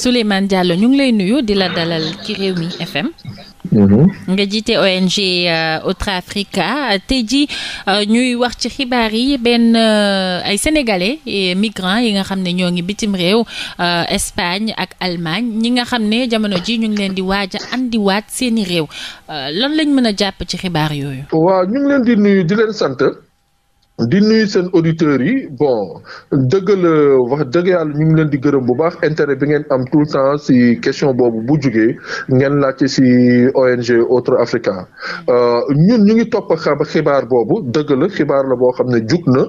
Souleymane Diallo ñu ngi lay nuyu di la dalal ci Rewmi FM. Mhm. nga jiite ONG euh, Otra-Africa tey ji euh, ñuy wax ci xibaar yi benn euh, ay sénégalais migrants yi nga xam ne ñoo ngi bitim réew Espagne ak Allemagne ñi nga xam ne jamono ji ñu ngi leen di waaj a andiwaat seeni réew lan lañ mën a jàpp ci xibaar yooyu. waaw ñu ngi leen di nuyu di leen sant. di nuyu seen auditeurs yi bon dëgg wax dëgg yàlla ñu ngi leen di gërëm bu baax intérêt bi ngeen am tout le temps si question boobu bu jugee ngeen laajte si ONG Autre Africa euh, ñun ñu ngi topp xibaar boobu dëgg xibaar la boo xam ne jug na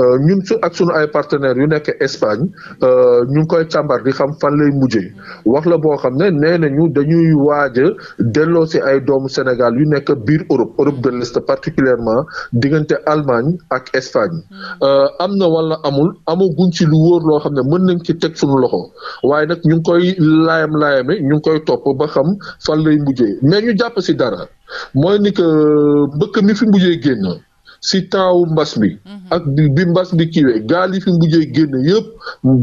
euh, ñun su ak sunu ay partenaires yu nekk Espagne euh, ñu ngi koy càmbar di xam fan lay mujjee wax la boo xam ne nee nañu dañuy waaj a delloo si ay doomu Sénégal yu nekk biir Europe Europe de l'Est particulièrement diggante Allemagne ak Espagne hmm. euh, am na wala amul amaguñ ci lu wóor loo xam ne mën nañ ci teg suñu loxo waaye nag ñu ngi koy laayam laayame ñu ngi koy topp ba xam fan lay mujjee mais ñu jàpp si dara mooy ni que euh, mbëkk mi fi mujjee génn si taawu mbas mi. Hmm. ak bi mbas bi kiiwee gaal yi fi mujjee génn yëpp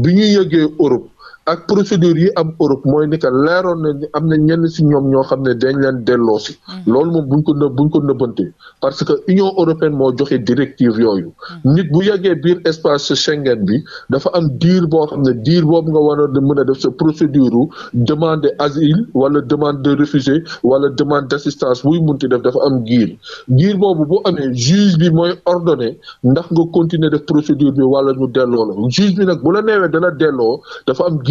bi ñu yëgee Europe. ak procédure yi am Europe mooy ni que leeroon na ni am na ñenn si ñoom ñoo xam ne dañ leen delloo si mm. loolu moom buñ ko nëb buñ ko nëbbante parce que Union européenne moo joxe directive yooyu mm. nit bu yeggee biir espace Schengen bi dafa am diir boo xam ne diir boobu nga waroon a mën a def sa procédure demande asile wala demande de réfugié wala demande d'assistance buy munti def dafa am giir giir boobu boo amee juge bi mooy ordonné ndax nga continuer def procédure bi wala ñu delloo la juge bi nag bu la neewee dala delloo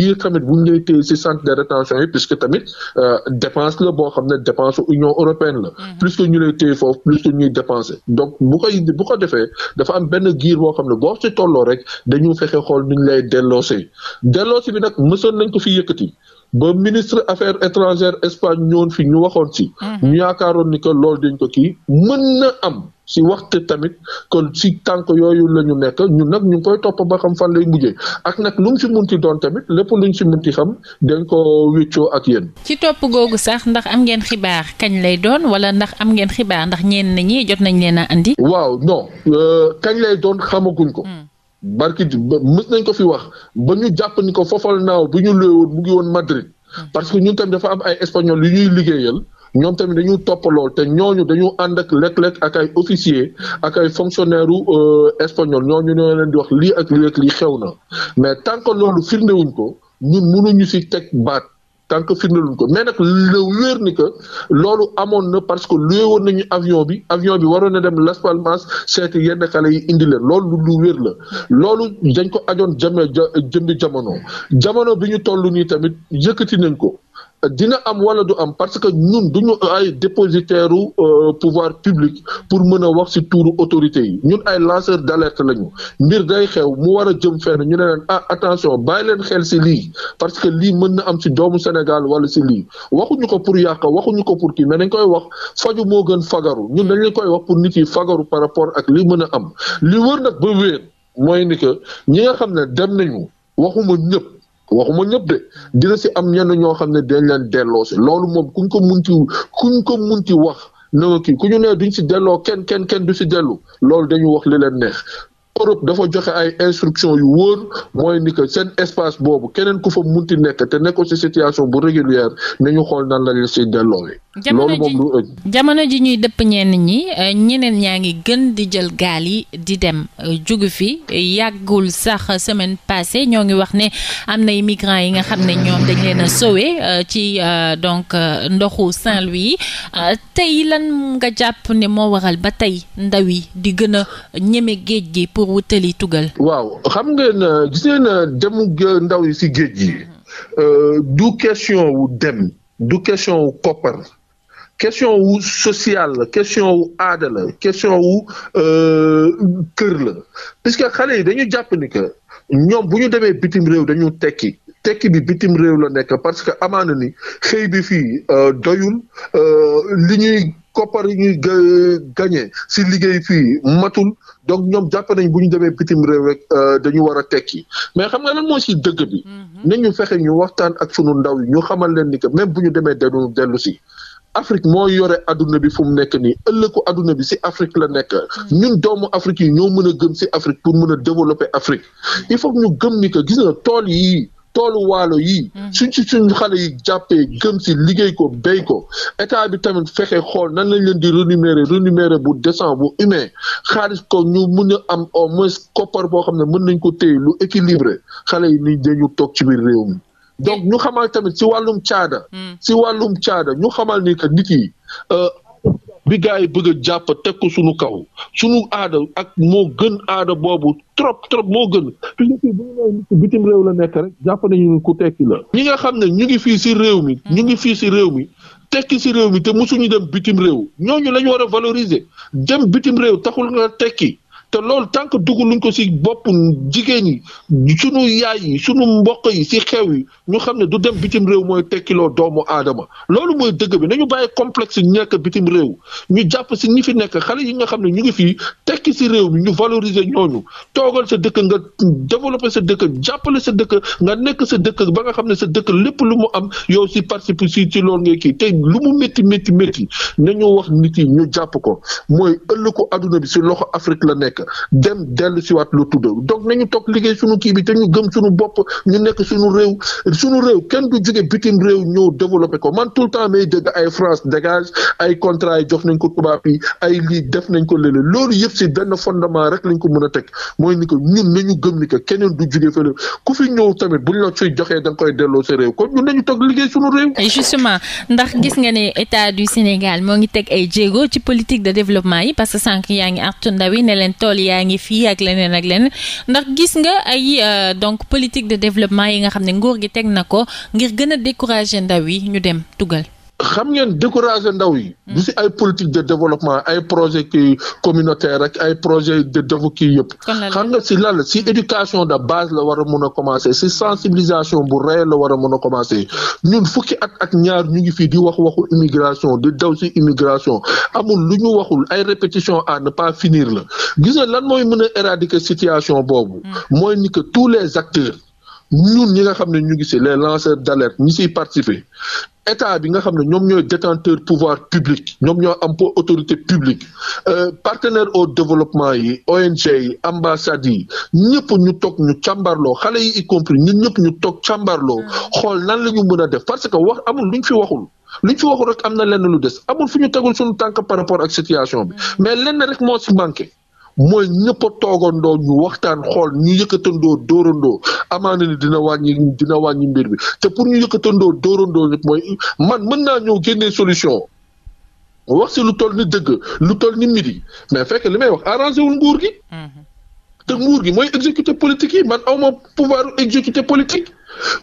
dire tamit bu ñu lay téye si centre de rétention yi puisque tamit euh, dépense la boo xam ne dépense Union européenne la. Mm-hmm. plus que ñu lay foofu plus que ñuy dépenser. donc bu koy bu ko defee dafa am benn giir boo xam ne boo si tolloo rek dañu fexe xool nu ñu lay delloosee delloosi bi nag mësoon nañ ko fi yëkkati. ba ministre affaires étrangères Espagne ñoon fi ñu waxoon si. Mm-hmm. ñu yaakaaroon ni ko loolu dañ ko kii mën na am si waxte tamit kon si tànk yooyu la ñu nekk ñu nag ñu ngi koy topp ba xam fan lay mujjee ak nag lu mu si munti doon tamit lépp luñ si munti xam dañ ko wéccoo ak yéen. ci topp googu sax ndax am ngeen xibaar kañ lay doon wala ndax am ngeen xibaar ndax ñeen ñi jot nañ leen a indi waaw non euh, kañ lay doon xamaguñ ko. Mm. barki ba mës nañ ko fi wax ba ñu jàpp ni ko fofal naaw bi ñu luwe woon mu ngi woon Madrid mm-hmm. parce que ñun tamit dafa am ay espagnol yu ñuy liggéeyal ñoom tamit dañu topp lool te ñooñu dañu ànd ak lekk-lekk ak ay officier ak ay fonctionnaire u euh, espagnol ñooñu ñoo leen di wax lii ak lii xew na mais tant que loolu firndewuñ ko ñun mënuñu si teg baat tant que firndeluñ ko mais nag le wéer ni que loolu amoon na parce que luye woon nañu avion bi avion bi waroon na dem Las Palmas seeti yenn xale yi indi leen loolu lu wéer la loolu dañ ko ajoon jame jëmbi jamono jamono bi ñu toll nii tamit yëkkati nañ ko dina am wala du am parce que ñun duñu ay dépositaire u euh, pouvoir public pour mën a wax ci tuuru autorité yi ñun ay lanceur d'alerte lañu mbir day xew mu war a jëm fenn ñu ne leen ah attention bàyyi leen xel ci lii parce que lii mën na am ci doomu Sénégal wala ci lii waxuñu ko pour yàq waxuñu ko pour kii mais dañ koy wax faju moo gën fagaru ñun lañu leen koy wax pour nit yi fagaru par rapport ak lii mën a am li wër nag ba wéer mooy ni que ñi nga xam ne dem nañu waxuma ñëpp waxuma ñëpp de dina si am ñenn ñoo xam ne dañ leen delloo si loolu moom kuñ ko munti kuñ ko munti wax na kii ku ñu nee duñ ci delloo kenn kenn kenn du si dellu loolu dañu wax li leen neex Europe dafa joxe ay instruction yu wóor mooy ni que seen espace boobu keneen ku fa munti nekk te nekkoo ci situation bu régulière ñu xool nan la leen si delloo yi jamono ji ñuy dëpp ñenn ñi eh, ñeneen ñaa ngi gën di jël gaal yi di dem eh, jóge fi yàggul sax semaine passée ñoo ngi wax ne am na immigrants yi nga xam ne ñoom dañ leen a sauvé eh, ci donc ndoxu Saint-Louis tey lan nga jàpp ne moo waral ba tey ndaw yi di gën a ñeme géej gi pour wutali tugal. waaw xam nga gis ngeen demu ndaw yi si géej gi. Mm-hmm. du question wu dem. du question wu koppar. question wu sociale la question wu aada question wu euh, kër la que xale yi dañu jàpp ni que ñoom bu ñu demee bitim réew dañu tekki tekki bi bitim réew la nekk parce que amaana ni xëy bi fii euh, doyul euh, li ñuy koppar yi ñuy gagné si liggéey fii matul donc ñoom jàpp nañ bu ñu demee bitim réew rek dañu war a tekki mais xam nga lan moo si dëgg bi mm-hmm. ñu fexe ñu waxtaan ak sunu ndaw yi ñu xamal leen ni que même bu ñu demee dellu dellu si Afrique moo yore adduna bi fu mu nekk nii ëllëgu adduna bi si Afrique la nekk hmm. ñun doomu Afrique yi ñoo mën a gëm si Afrique pour mën a développer Afrique hmm. il faut ñu gëm ni que gis nga tool yi toolu waalo yi hmm. suñ suñ xale yi jàppee gëm si liggéey ko béy ko état bi tamit fexe xool nan lañ leen di rémunérer rémunérer bu décent bu humain xaalis ko ñu mun a am au moins koppar boo xam ne mën nañ ko téye lu équilibré xale yi ni dañu toog ci biir réew mi donc ñu xamal tamit si wàllum caada. si hmm. wàllum caada ñu xamal ni que nit yi. Euh, bi gars yi bëgg a jàpp teg ko suñu kaw sunu aada ak moo gën aada boobu trop trop moo gën fi ñu nit bitim réew la nekk rek jàpp nañu ne ku tekki la. nga xam ne ñu ngi fii si réew mi. Hmm. ñu ngi fii si réew mi. tekki si réew mi te suñu dem bitim réew ñooñu lañu ñu war a valoriser dem bitim réew taxul nga tekki. te loolu tant que dugaluñ ko si bopp jigéen yi sunu yaay sunu mbokk yi si xew yi ñu xam ne du dem bitim réew mooy tekkiloo doomu aadama loolu mooy dëgg bi nañu bàyyi complexe ñu nekk bitim réew ñu jàpp si ñi fi nekk xale yi nga xam ne ñu ngi fii tekki si réew mi ñu valoriser ñooñu toogal sa dëkk nga développer sa dëkk jàppale sa dëkk nga nekk sa dëkk ba nga xam ne sa dëkk lépp lu mu am yow si participe si ci loolu ngay kii te lu mu métti métti métti nañu wax nit yi ñu jàpp ko mooy ko àdduna bi si loxo Afrique la nekk dem dellu siwaat lu tudd donc nañu toog liggéey suñu kii bi te ñu gëm suñu bopp ñu nekk suñu réew suñu réew kenn du jóge bitim réew ñëw développé ko man tout le temps may dégg ay France dégage ay ko tubaab yi ay ko léeg loolu yëpp si benn fondement rek lañ a teg mooy ni que ñun nañu gëm ni que keneen du jóge fële ku fi ñëw tamit buñ la da nga koy delloo sa réew kon ñun nañu toog liggéey suñu réew. justement ndax gis nga ne état du Sénégal moo ngi teg ay jéego ci politique de développement yi parce que yaa ngi artu ndaw ne leen tool yaa ngi fii ak leneen ak leneen ndax gis nga ay euh, donc politique de développement yi nga xam ne nguur gi teg na ko ngir gën a décourager ndaw yi ñu dem tugal xam ngeen décourager ndaw yi. Mm. du si ay politique de développement ay projet ki communautaire rek ay projet de développement kii yëpp. xam nga si lan si mm. éducation de base la war a mun a commencer si sensibilisation bu rëy la war a mën a commencer ñun fukki at ak ñaar ñu ngi fii di wax waxu immigration di daw si immigration amul lu ñu waxul ay répétition à ne pas finir la gis nga lan mooy mën a éradiquer situation boobu. Mm. mooy ni tous les acteurs. ñun ñi nga xam ne ñu ngi si les lanceurs d'alerte ñi siy participer état bi nga xam ne ñoom ñooy détenteur pouvoir public ñoom ñoo am pour autorité publique euh, partenaire au développement yi ONG yi ambassade yi ñëpp ñu toog ñu càmbarloo xale yi y compris ñëpp ñu toog càmbarloo hmm. xool nan la ñu mën a def parce que wax amul luñ fi waxul luñ fi waxul rek am na lenn lu des amul fu ñu tegul suñu tànk par rapport ak situation bi hmm. mais lenn rek moo si manqué mooy ñëpp a toogandoo ñu waxtaan xool ñu yëkkatandoo dóorandoo amaana ni dina wàññi dina wàññi mbir mi te pour ñu yëkkatandoo dóorandoo nag mooy man mën naa ñëw génnee solution wax si lu toll ni dëgg lu tol ni midi mais fekk li may wax arrangé wul nguur gi. te nguur gi mooy exécuter politique yi man awma pouvoir exécuter politique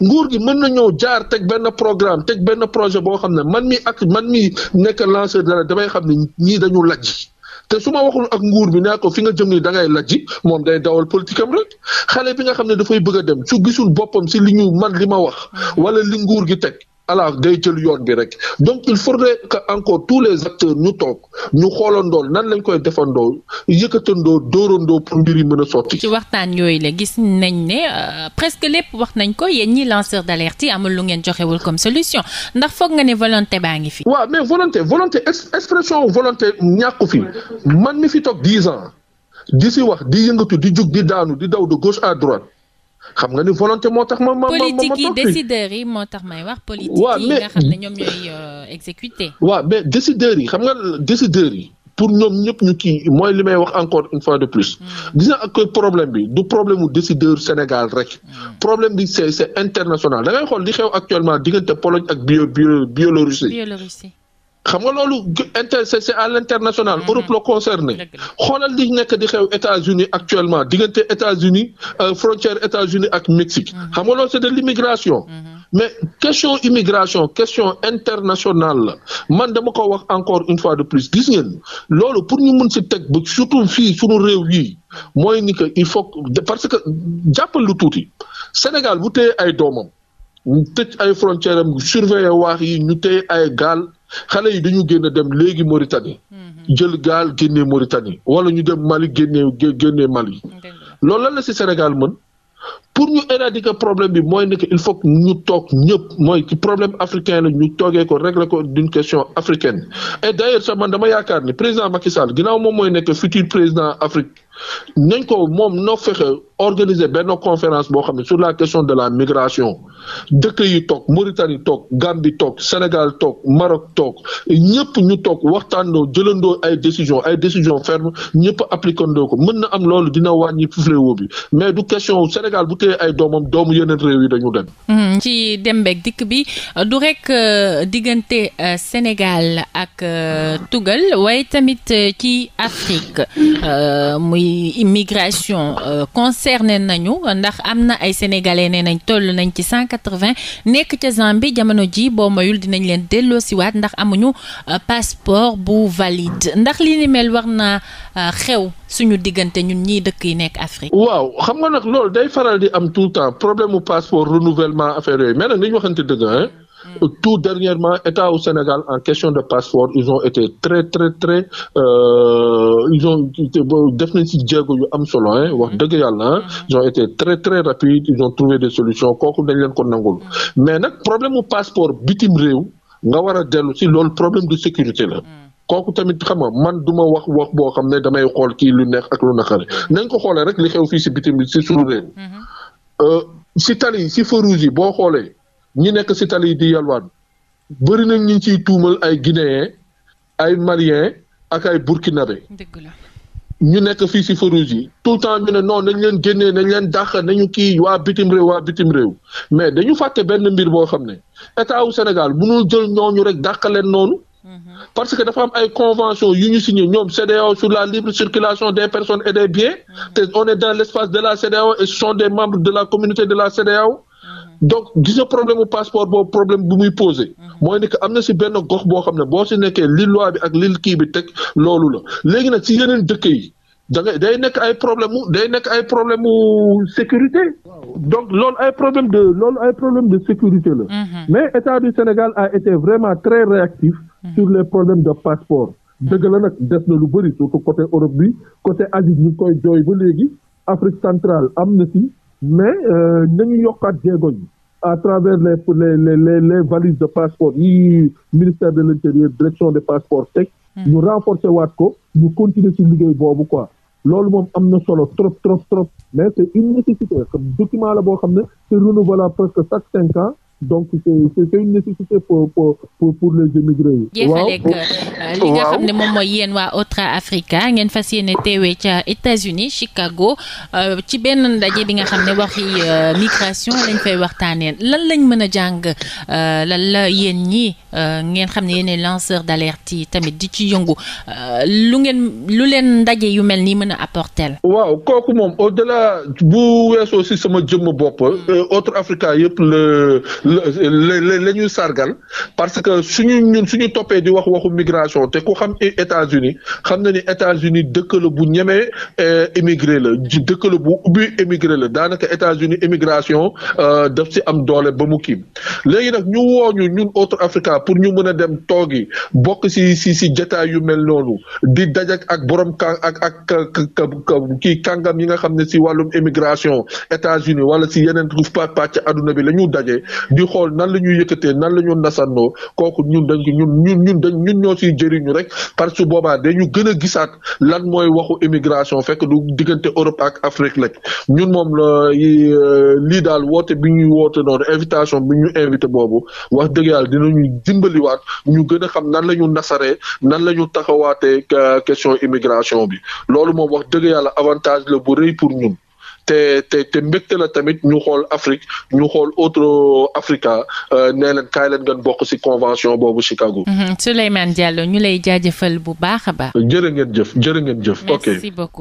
nguur gi mën na ñëw jaar teg benn programme teg benn projet boo xam ne man mi ak man mi nekk lanceur dara damay xam ne ñii dañu lajj te suma ma waxul ak nguur bi naa ko fi nga jëm ni da ngay lajji moom day dawal politique am rek xale bi nga xam ne dafay bëgg a dem su gisul boppam si li ñu man li ma wax mm. wala li nguur gi teg alors day jël yoon bi rek donc il faudrait que encore tous les acteurs ñu toog ñu xoolandoo nan lañ koy defandoo yëkkatandoo dóorandoo pour mbir yi mën a sotti. ci waxtaan yooyu la gis nañ ne euh, presque lépp wax nañ ko yéen ñi lanceur d' alerte yi amul lu ngeen joxewul comme solution ndax foog nga ne volonté baa ngi fi. waa mais volonté volonté expression volonté ñàkku fi man mi fi toog dix ans di si wax di yëngatu di jug di daanu di daw de gauche à droite. xam nga ni volonté moo tax ma ma ma politique yi décideurs yi moo tax may wax. politique yi nga xam ne ñoom ñooy euh, exécuté. waaw mais décideurs yi xam nga décideurs yi pour ñoom ñëpp ñu kii mooy li may wax encore une fois de plus. Mm. gis nga ak problème bi du problème mu décideur Sénégal rek. Mm. problème bi c'est international da ngay xool di xew actuellement diggante Pologne ak bio bio Biélorussie. Biélorussie. xam nga loolu inter c' est à l' mm-hmm. Europe la concerné xoolal li nekk di xew États-Unis actuellement diggante États-Unis euh, frontière États-Unis ak Mexique mm-hmm. xam nga loolu c' est de l' immigration mm-hmm. mais question immigration question internationale la man dama ko wax encore une fois de plus gis ngeen loolu pour ñu mun si teg ba surtout fii suñu réew yi mooy ni que il faut parce que jàppal lu tuuti Sénégal bu téye ay doomam te ay frontière am surveiller waax yi ñu téye ay gaal xale yi dañu génn dem léegi Mauritanie mhm. jël gaal génnee Mauritanie wala ñu dem Mali génnee génnee Mali loolu lan la ci Sénégal mën pour ñu éradiquer problème bi mooy ne il faut que ñu toog ñëpp mooy ci problème africain la ñu toogee ko régler ko d'une question africaine et d'ailleurs sax man dama yaakaar ni président Macky Sall ginnaaw moom mooy nekk futur président Afrique nañ ko moom noo fexe organiser benn conférence boo xam ne sur la question de la migration dëkk yi toog Mauritanie toog Gambie toog Sénégal toog Maroc toog ñëpp ñu toog waxtaandoo jëlandoo ay décision ay décision ferme ñëpp appliquandoo ko mën na am loolu dina wàññi fufleewoo bi yóbbante doomu yeneen mhm, ci dem beeg dikk bi du rek euh, diggante euh, Sénégal ak euh, Tugal waaye tamit ci Afrique muy immigration concerné nañu ndax am na ay sénégalais nee nañ toll nañ ci cent quatre-vingts nekk ca Zambie jamono ji boo mayul dinañ leen delloo siwaat ndax amuñu passeport bu valide ndax li ni mel war na xew. suñu diggante ñun ñii dëkk yi nekk Afrique. waaw xam nga nag loolu day faral di am tout le temps problème mu passeport renouvellement affaire yi mais nag li ñu waxante dëgg ah. tout dernièrement état au Sénégal en question de passeport ils ont été très très très euh, def nañ si jéego yu am solo wax mm. dëgg yàlla mm. ils ont été très très rapides ils ont trouvé des solutions kooku dañ leen ko nangul mais nag problème mu passeport bitim réew nga war a dellu si loolu problème de sécurité la. kooku tamit xam nga man du ma wax wax boo xam ne damay xool kii lu neex ak lu naqare nañ ko xoolee rek li xew fii si bitim si suñu mm-hmm. réew mm-hmm. Euh, si tali si feu yi boo xoolee ñi nekk si tali di yalwaan bëri nañ ñu ciy tuumal ay guinéen ay malien ak ay burkinabé ñu nekk fii si feu yi tout le temps ñu ne non nañ leen génnee nañ leen dàq nañu kii waa bitim réew waa bitim réew mais dañu fàtte benn mbir boo xam ne état wu bu mënul jël ñooñu rek dàq leen noonu parce que dafa am ay convention yu ñu signé ñoom CEDEAO sur la libre circulation des personnes et des biens mm-hmm. te on est dans l'espace de la CEDEAO et ce sont des membres de la communauté de la CEDEAO mm-hmm. donc gis nga problème passeport boobu problème bu muy posé mm-hmm. mooy ni que am na si benn gox boo xam ne boo si nekkee li loi bi ak li kii bi teg loolu la léegi nag si yeneen dëkk yi da day nekk ay problème mu day nekk ay problème mu sécurité donc loolu ay problème loolu ay problème de sécurité la mais état du Sénégal a été vraiment très réactif Hmm. sur les problèmes de passeport. Hmm. dëgg la nag des na lu bëri surtout côté Europe bi côté Asie ñu ngi koy jooy ba léegi Afrique centrale am na ci mais euh, nañu yokkaat jéego yi à travers les les les les valises de passeport yi ministère de l' intérieur direction des passeports teg. Hmm. ñu renforcer waat ko ñu continuer ci liggéey boobu quoi. loolu moom am na solo trop trop trop mais c' est une nécessité document la boo xam ne c' est renouvelable presque chaque cinq ans. donc c' est nécessité pour les émigrés yi. waaw euh, li nga xam ne moom mooy yéen waa Otra Africa ngeen fas yéene teewee ca États-Unis Chicago euh, ci benn ndaje bi nga xam ne waxi euh, migration lañ fay waxtaanee lan lañ mën a jàng lan la yéen ñii. ngeen xam ne yéen lanceur d'alerte yi tamit di ci yongu euh, lu ngeen lu leen ndaje yu mel nii mën a apporter. waaw kooku moom au delà bu weesoo si sama jëmm bopp hmm. euh, autre Africa yëpp la la la sargal parce que suñu ñun suñu toppee di wax waxu migration te ku xam États-Unis xam na ni États-Unis dëkk la bu ñemee euh, émigré la dëkk la bu ubbi émigré la daanaka États-Unis immigration daf ci am doole ba mu kii léegi nag ñu wooñu ñun autre Africa pour ñu mën a dem toogi bokk si si si jataay yu mel noonu di dajak ak borom ka ak ak kii kàngam yi nga xam ne si wàllum immigration États-Unis wala si yeneen pàcc pàcc àdduna bi la ñu daje di xool nan la ñuy yëkkatee nan la ñu nasannoo kooku ñun dañ ñun ñun ñun dañ ñun ñoo siy jëriñu rek parce que boobaa dañu gën a gisaat lan mooy waxu immigration fekk du diggante Europe ak Afrique lañ ñun moom la euh, lii daal woote bi ñuy woote noonu invitation bi ñu invité boobu wax dëgg yàlla dinañu dimbaliwaat ñu gën a xam nan la ñu nasaree nan la ñu taxawaatee euh, question immigration bi loolu moom wax dëgg yàlla avantage la bu rëy pour ñun. te te te mbégte la tamit ñu xool Afrique ñu xool autre Africa euh, nee leen kaay leen ngeen bokk ci convention boobu Chicago. Mm-hmm. Souleymane Diallo ñu lay jaajëfal bu baax baax. jërë jëf jërë jëf. ok